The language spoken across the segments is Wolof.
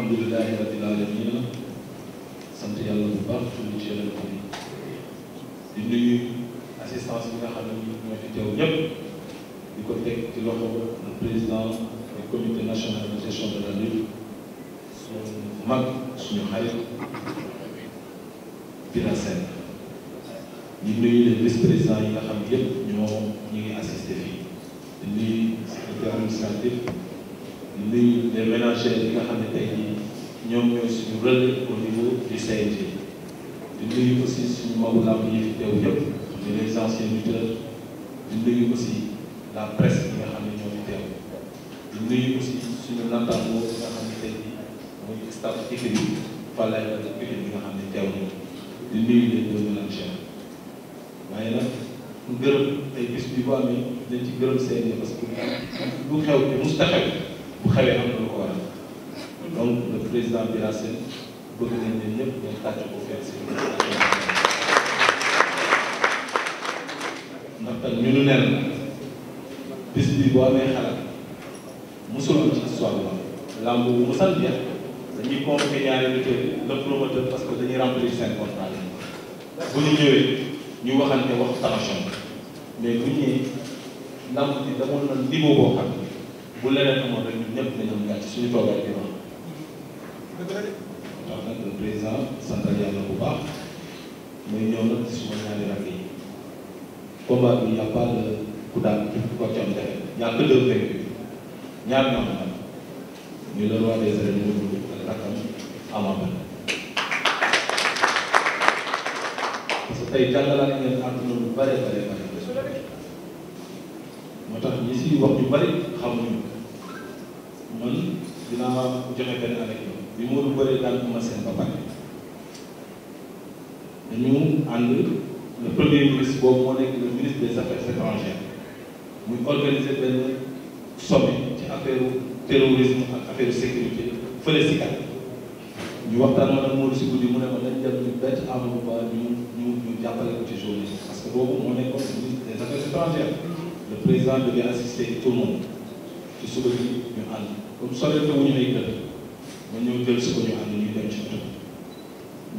alhamdulilahi rabbil alamina sant yàlla bu baax julli ci yonent bi di nuyu assistance bi nga xam ne ñoo fi teew ñëpp di ko président du comité national de gestion de mag suñu xarit Bira Sène di nuyu les vice présidents yi nga xam ne yëpp ñoo ñu ngi assisté fii nuyu les ménagères yi nga xam ne tey jii ñoom ñooy suñu relais au niveau du CNG di nuyu aussi suñu mbokku làmb yi fi teew ñëpp di les anciens di nuyu aussi la presse bi nga xam ne ñoo fi teew di nuyu aussi suñu naataangoo bi nga xam ne tey jii muy staff équipe bi Falaye ak équipe bi nga xam ne teew ñëpp di nuyu les deux ménagères waaye nag. gërëm tey bis bi bu amee dañ ci gërëm seen parce que bu xew te musta bu xewee am na lu ko waral donc le président Bira Sène bëgg nañ leen ñëpp ngeen tàcc ko fekk si ndax tam ñu nu neen bis bi boo amee xalaat mosul am ci histoire bi làmb bu mosal jeex dañuy convoqué ñaari nit le promoteur parce que dañuy remplir seen contrat bu ñu ñëwee ñu waxante wax tension mais bu ñëwee làmb bi damoon na niveau boo xam bu leneen amoon rek ñun ñëpp nañu am gàcce suñu toogaay bi wax. tax nag le président sant yàlla bu baax muy ñëw nag ci suma ñaari rakk yi combat bi y a pas de ku daan képp ko ci am jafe ñàkk deux vingt ñaar ñoo xam Ama Baldé parce que tey jàngalaat ngeen àdduna lu bare bare bare moo tax ñi si wax ñu bari xamuñu man dinaa joxe benn anecdote bi mu war a bëree daan Eumeu Sène ba pare dañu ànd le premier ministre boobu moo nekk le ministre des affaires étrangères muy organiser benn sommet ci affaire terrorisme ak affaire sécurité fële si kat ñu waxtaan ma nag Modou si guddi mu ne ma nañ dem ñu bett Amadou Ba ñu ñu ñu jàppale ko ci journée parce que boobu moo nekkoon le ministre des affaires étrangères le président devait assister tout le monde ci suba bi ñu ànd. comme sori te wuñu ay kër ma ñëw jël si ko ñu ànd ñu dem ci oto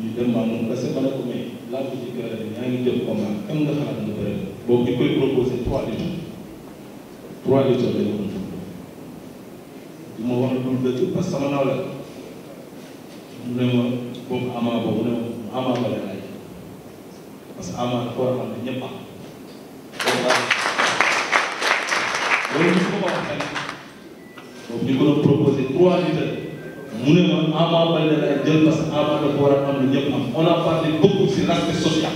ñu dem maa moom parce que ma ne ko mais làmb ji gërëm ñaa ngi jël combat kan nga xalaat nga bëri boobu ñu koy proposé trois litres trois litres lañu ko du ma wax lu dul dëgg parce que sama naw la mu ne ma boobu amaa boobu ne ma amaa ba la laaj parce que amaa dafa war a xam ne ñëpp am loolu ñu ko doon proposé trois litres mu ne ma Ama Baldé laay jël parce que Ama Baldé ko a am lu ñëpp am on a parlé beaucoup si l'aspect social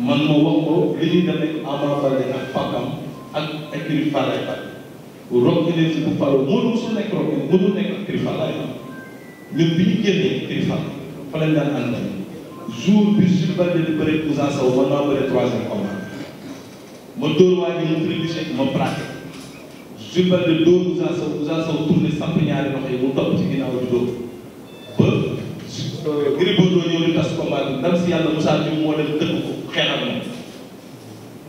man ma wax ko li ñuy demee Ama Baldé ak Fakam ak ak kii Falaye Falaye Rock Énergie bu Fallou moo mosul nekk Rock mënul nekk ak kii Falaye ñun bi ñu génnee kii Falaye fa lañ daan àndal jour bi Jules Baldé di bëre Ousin Sow man maa bëre troisième ma dóor waa ji mu tribuché ma plaqué. Jules Baldé dóor Moussa Sow Moussa Sow tourné samp ñaari loxo yi mu topp ci ginnaaw di tas combat bi ndam si yàlla Moussa Dioum moo dem tëgg ko xeexam na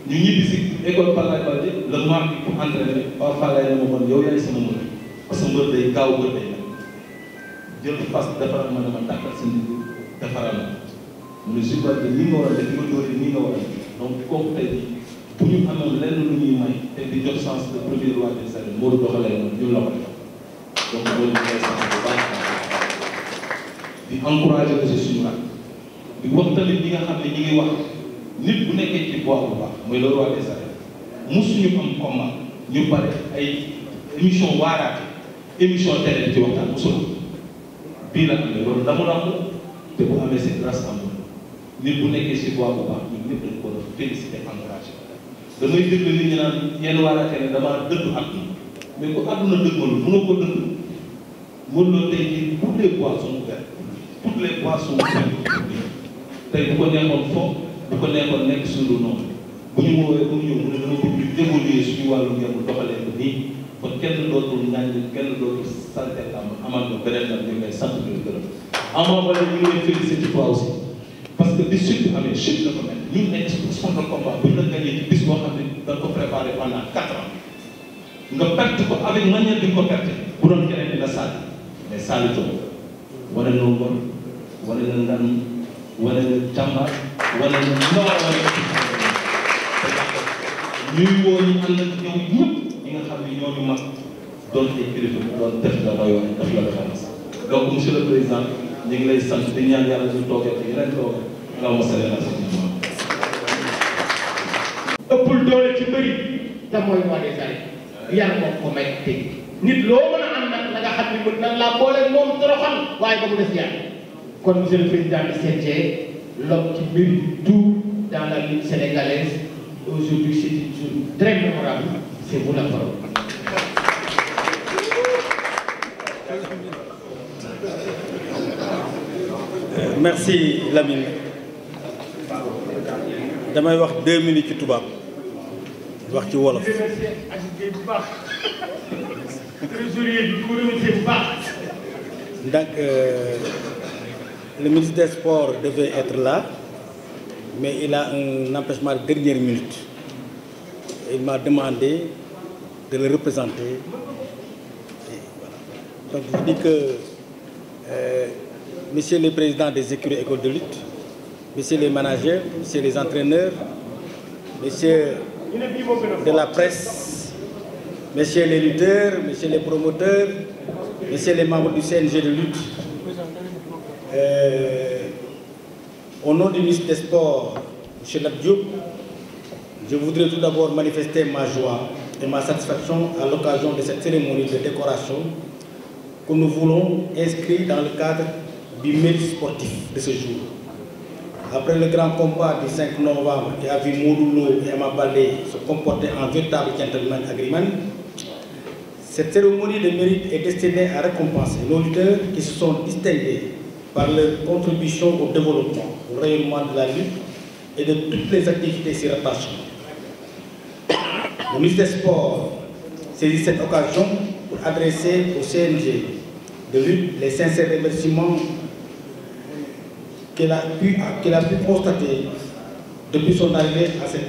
ñu ñibbi si école Falaye Baldé le mardi pour entraîner or Falaye la ma mën yow yaay sama mën parce que mbër day gaaw mbër day jël fas defaral ma dama tàkkal seen liggéey defaral ma mu ne Jules Baldé li nga war a def li nga dóoree nii nga war bu ñu amoon lenn lu ñuy may te di jox chance de premier roi des arènes moo doxalee moom ñun la ko def donc loolu mooy chance bu baax di encouragé aussi suñu rak di wax tamit nga xam ne ñi ngi wax nit bu nekkee ci poids bu baax mooy le roi pare ay émission waaraate émission télé ci waxtaan bu solo bii la amee loolu damu namu te bu amee c'est grâce à nous nit bu nekkee ci poids bu baax ñun ñëpp dañ damay déglu nit ñi naan yenn waaraatee ne damaa dëddu àdduna mais ku àdduna dëgmalu mënoo ko dëdd mën loo tey jii toutes les poissons verts toutes les poissons verts tey bu ko neexoon fo bu ko neexoon nekk suñu noonu bu ñu woowee ba mu ñëw mu ne dama bëgg ñu évoluer suñu wàllu yemul doxalee ko nii kon kenn dootul ñaan kenn dootul sant am amal na beneen la ñu ngi lay sant di la gërëm. Ama Baldé ñu ngi lay félicité toi aussi. que bi chute bi amee chute ko mel ñun ay sport de combat bu ñu ne da ko préparé pendant quatre nga perte ko avec manière bi nga ko perte bu doon keneen dina sàll mais sàll coono wala nga ngor wala nga ngan nga jàmbaar wala nga noor wala nga ñuy woo ñu ànd ak yow ñëpp ñi nga xam ne ñoo ñu mag doon ay kilifa doon def la royoo la référence donc monsieur le président ñu ngi lay sant di allahumma salli ala sayyidina Muhammad ëppul doole ci bëri te mooy wane sare moom ko may tëj nit loo mën a am nag la nga xam ne mën nan laa boole moom toroxal waaye ba mu des yar kon monsieur le président du CNG l'homme qui mérite tout dans la lutte sénégalaise aujourd'hui c'est une journée très mémorable c'est vous la parole euh, Merci Lamine. damay wax deux minutes ci tubaab wax ci wolof. donc euh, le ministre des sports devait être là mais il a un empêchement de dernière minute il m'a demandé de le représenter voilà. donc je dis que euh, monsieur le président des écuries écoles de lutte messieurs les managers, messieurs les entraîneurs, messieurs de la presse, messieurs les lutteurs, messieurs les promoteurs, messieurs les membres du CNG de lutte. Euh, au nom du ministre des Sports, M. Labdiou, je voudrais tout d'abord manifester ma joie et ma satisfaction à l'occasion de cette cérémonie de décoration que nous voulons inscrire dans le cadre du mérite sportif de ce jour. Après le grand combat du 5 novembre qui a vu Mouroulou et Emma Baldé se comporter en véritable gentleman agreement, cette cérémonie de mérite est destinée à récompenser nos lutteurs qui se sont distingués par leur contribution au développement, au rayonnement de la lutte et de toutes les activités s'y rattachant. Le ministre des Sports saisit cette occasion pour adresser au CNG de lutte les sincères remerciements qu'il a, pu, qu'il a pu constater depuis son arrivée à, ses,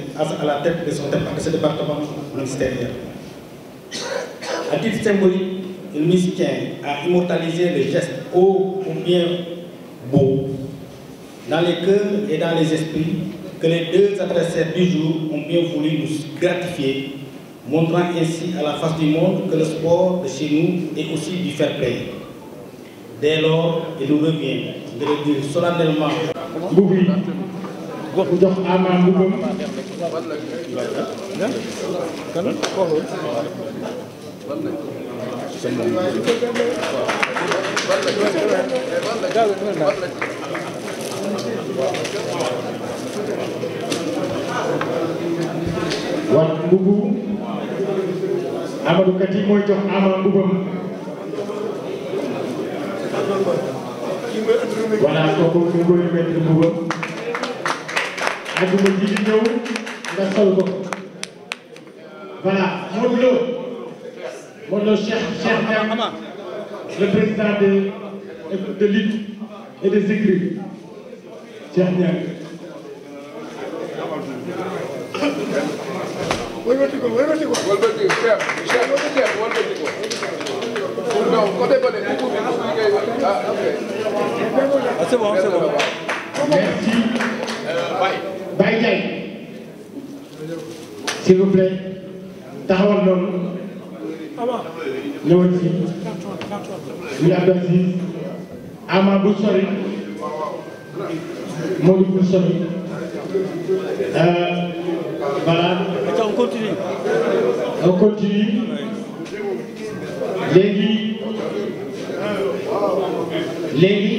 à la tête de, son, département ministériel. À titre symbolique, le musicien a immortalisé le geste ô combien beau dans les cœurs et dans les esprits que les deux adversaires du jour ont bien voulu nous montrant ainsi à la face du monde que le sport de chez nous est aussi du fair play. Dès lors, il nous revient jërëjëf solennellement mbubb yi mu jox ama mooy jox ama mbubbam voilà kooku ñu koy mettre mu bëgg. àjjuma ji di ñëw nga sol ko. voilà Modou Lo Modou Lo Cheikh Cheikh Niang le président de de lutte et des écrits Cheikh Niang. wëlbati ko wëlbati ko. wëlbati ko Cheikh Cheikh wëlbati ko. non côté bële ah ok. Ah, c'est bon, c'est bon. Merci. Baye Ndiaye. S'il vous plaît. taxawal noonu. ñëwal fii. ñu Abdou Aziz. Euh, continue. on continue. léegi. léegi.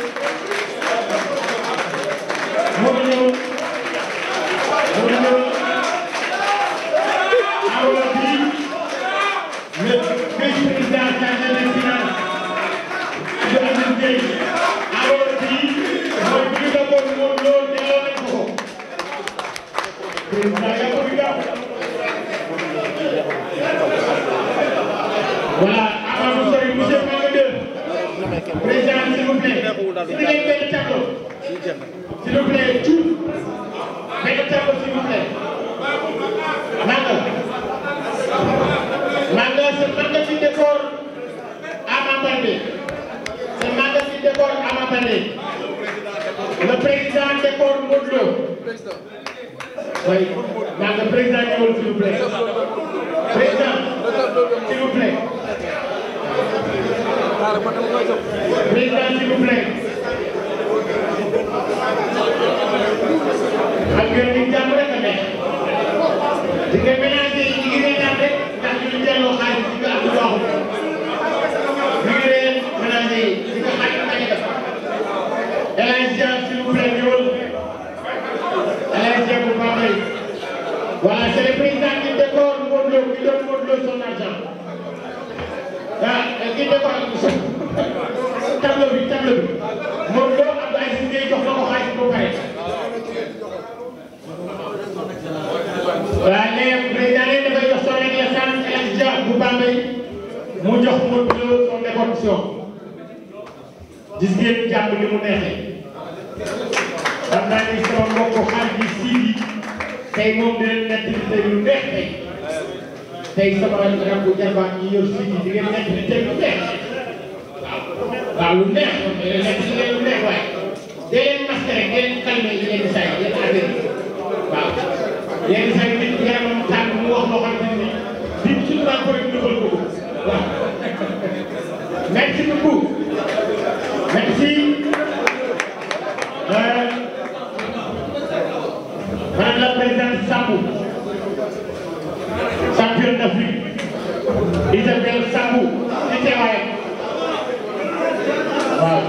Voilà, avant vous serez monsieur Mamadou. Président, s'il vous plaît. S'il vous plaît, tout. Mais le tableau, s'il vous plaît. Manga. Manga, c'est Manga qui décore à Mambandé. C'est Manga qui décore à Mambandé. Le président décore Moudlo. Oui. Dans le président s'il vous plaît. Président, s'il vous plaît. Président, s'il vous plaît. ak yooyu di jàmm rek a nekk. di nga ménager yi ñu ngi leen di ànd ak ndax ñu ngi delloo xaalis les corruptions gis ngeen jàpp li mu neexee xam naa ni sama mbokku xarit yi sii yi tey moom dinañ nekk di tey lu neex tey tey sama rakku jarbaat yi yor sii yi di ngeen Isabel Sangu ci teewaay waaw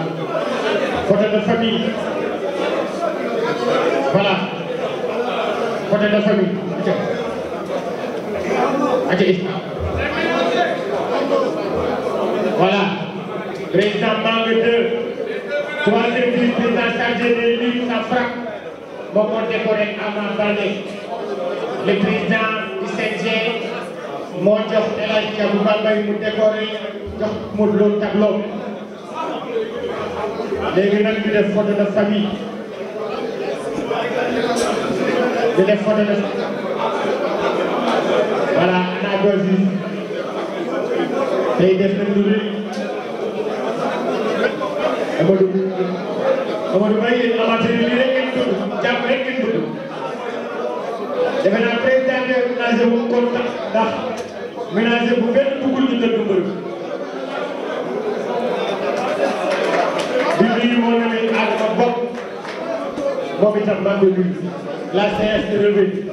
côté de famille voilà côté de famille aca voilà président Manga 2 troisième vice-président chargé des lignes SAFRAC moo ko décoré Ama Baldé le président du CNG moo jox El Hadj Thiam Mbaye mu décoré jox Modou Lo tableau léegi nag ñu def photo de famille ñu def photo de voilà ana dosi tey def nañ lu rëy Amadou Amadou Mbaye yéen amateur yi rek ngeen tudd jàpp rek ngeen tudd defe naa président de nage bu kontaan ndax ménager bu benn duggul ñu tëdd mbër bi nuyu moo ne Adama Bopp moom itam maa ngi koy nuyu la séance est relevée